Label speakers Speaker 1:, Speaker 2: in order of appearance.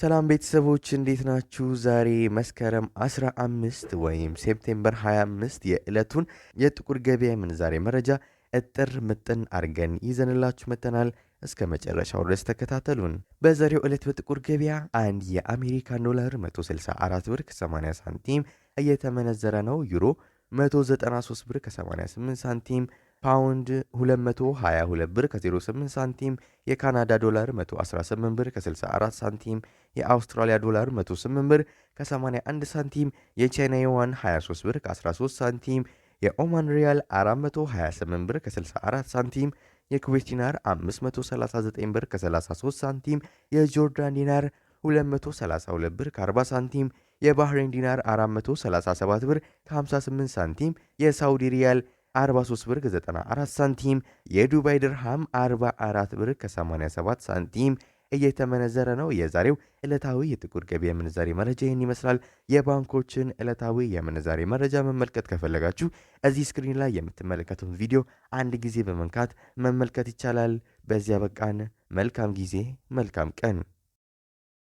Speaker 1: ሰላም ቤተሰቦች እንዴት ናችሁ? ዛሬ መስከረም 15 ወይም ሴፕቴምበር 25 የዕለቱን የጥቁር ገበያ ምንዛሬ መረጃ እጥር ምጥን አርገን ይዘንላችሁ መጥተናል። እስከ መጨረሻው ድረስ ተከታተሉን። በዛሬው ዕለት በጥቁር ገበያ አንድ የአሜሪካን ዶላር 164 ብር ከ80 ሳንቲም እየተመነዘረ ነው። ዩሮ 193 ብር ከ88 ሳንቲም ፓውንድ 222 ብር ከ08 ሳንቲም፣ የካናዳ ዶላር 118 ብር ከ64 ሳንቲም፣ የአውስትራሊያ ዶላር 108 ብር ከ81 ሳንቲም፣ የቻይና ዩዋን 23 ብር ከ13 ሳንቲም፣ የኦማን ሪያል 428 ብር ከ64 ሳንቲም፣ የኩዌት ዲናር 539 ብር ከ33 ሳንቲም፣ የጆርዳን ዲናር 232 ብር ከ40 ሳንቲም፣ የባህሬን ዲናር 437 ብር ከ58 ሳንቲም፣ የሳውዲ ሪያል 43 ብር ከ94 ሳንቲም የዱባይ ድርሃም 44 ብር ከ87 ሳንቲም እየተመነዘረ ነው። የዛሬው ዕለታዊ የጥቁር ገቢ የምንዛሬ መረጃ ይህን ይመስላል። የባንኮችን ዕለታዊ የምንዛሬ መረጃ መመልከት ከፈለጋችሁ እዚህ ስክሪን ላይ የምትመለከቱን ቪዲዮ አንድ ጊዜ በመንካት መመልከት ይቻላል። በዚያ በቃን። መልካም ጊዜ፣ መልካም ቀን